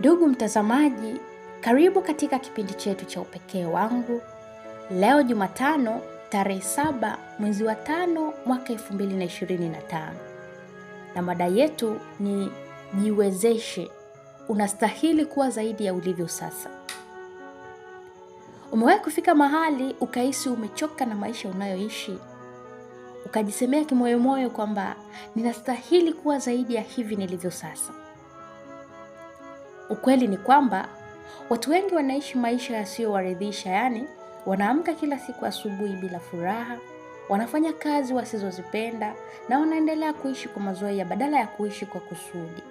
Ndugu mtazamaji, karibu katika kipindi chetu cha Upekee wangu. Leo Jumatano tarehe saba mwezi wa tano mwaka tano na mada yetu ni jiwezeshe, unastahili kuwa zaidi ya ulivyo sasa. Umewahi kufika mahali ukahisi umechoka na maisha unayoishi, ukajisemea kimoyomoyo kwamba ninastahili kuwa zaidi ya hivi nilivyo sasa? Ukweli ni kwamba watu wengi wanaishi maisha yasiyowaridhisha, yaani wanaamka kila siku asubuhi bila furaha, wanafanya kazi wasizozipenda na wanaendelea kuishi kwa mazoea badala ya kuishi kwa kusudi.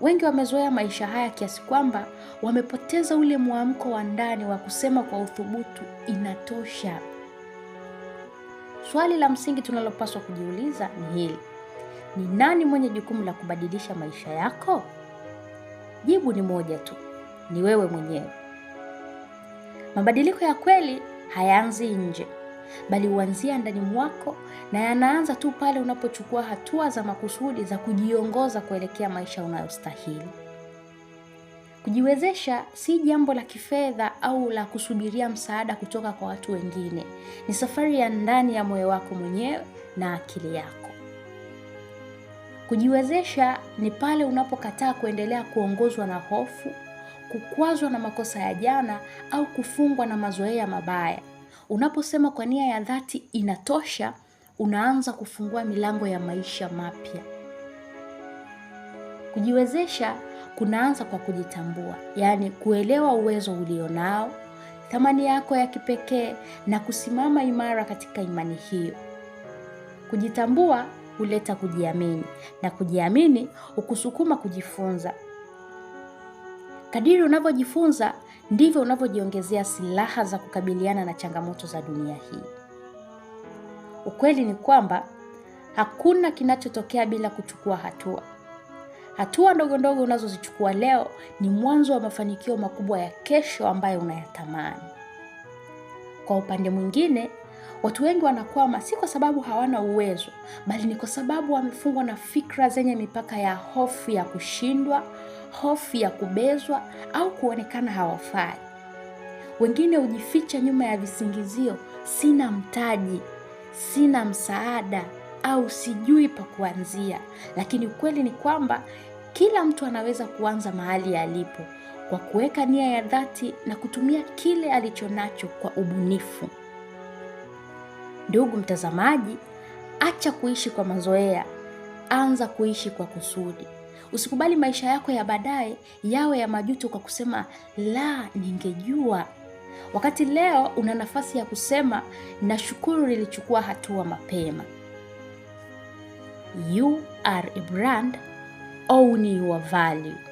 Wengi wamezoea maisha haya kiasi kwamba wamepoteza ule mwamko wa ndani wa kusema kwa uthubutu, inatosha. Swali la msingi tunalopaswa kujiuliza ni hili: ni nani mwenye jukumu la kubadilisha maisha yako? Jibu ni moja tu, ni wewe mwenyewe. Mabadiliko ya kweli hayaanzi nje, bali huanzia ndani mwako, na yanaanza tu pale unapochukua hatua za makusudi za kujiongoza kuelekea maisha unayostahili. Kujiwezesha si jambo la kifedha au la kusubiria msaada kutoka kwa watu wengine. Ni safari ya ndani ya moyo wako mwenyewe na akili yako. Kujiwezesha ni pale unapokataa kuendelea kuongozwa na hofu, kukwazwa na makosa ya jana au kufungwa na mazoea mabaya. Unaposema kwa nia ya dhati inatosha, unaanza kufungua milango ya maisha mapya. Kujiwezesha kunaanza kwa kujitambua, yaani kuelewa uwezo ulionao, thamani yako ya kipekee na kusimama imara katika imani hiyo. Kujitambua huleta kujiamini na kujiamini hukusukuma kujifunza. Kadiri unavyojifunza ndivyo unavyojiongezea silaha za kukabiliana na changamoto za dunia hii. Ukweli ni kwamba hakuna kinachotokea bila kuchukua hatua. Hatua ndogo ndogo unazozichukua leo ni mwanzo wa mafanikio makubwa ya kesho ambayo unayatamani. Kwa upande mwingine, Watu wengi wanakwama si kwa sababu hawana uwezo, bali ni kwa sababu wamefungwa na fikra zenye mipaka ya hofu ya kushindwa, hofu ya kubezwa au kuonekana hawafai. Wengine hujificha nyuma ya visingizio: sina mtaji, sina msaada, au sijui pa kuanzia. Lakini ukweli ni kwamba kila mtu anaweza kuanza mahali alipo, kwa kuweka nia ya dhati na kutumia kile alichonacho kwa ubunifu. Ndugu mtazamaji, acha kuishi kwa mazoea, anza kuishi kwa kusudi. Usikubali maisha yako ya baadaye yawe ya majuto kwa kusema la, ningejua. Wakati leo una nafasi ya kusema nashukuru nilichukua hatua mapema. You are a brand, own your value.